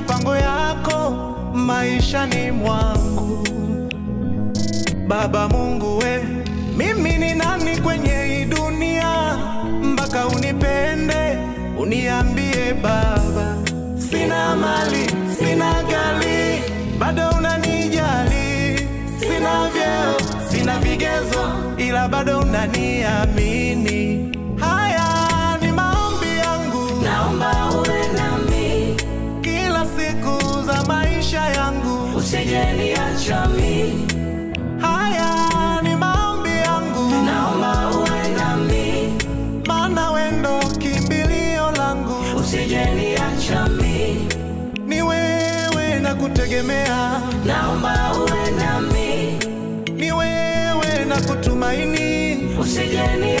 mipango yako maishani mwangu. Baba Mungu we, mimi ni nani kwenye hii dunia mpaka unipende? Uniambie Baba, sina mali, sina gari, bado unanijali, sina vyeo, sina vigezo, ila bado unaniamini. usijeniacha Haya ni maombi yangu, naomba uwe nami, ndo kimbilio langu, usijeniacha Ni wewe nakutegemea, naomba uwe nami, ni wewe nakutumaini, usijeni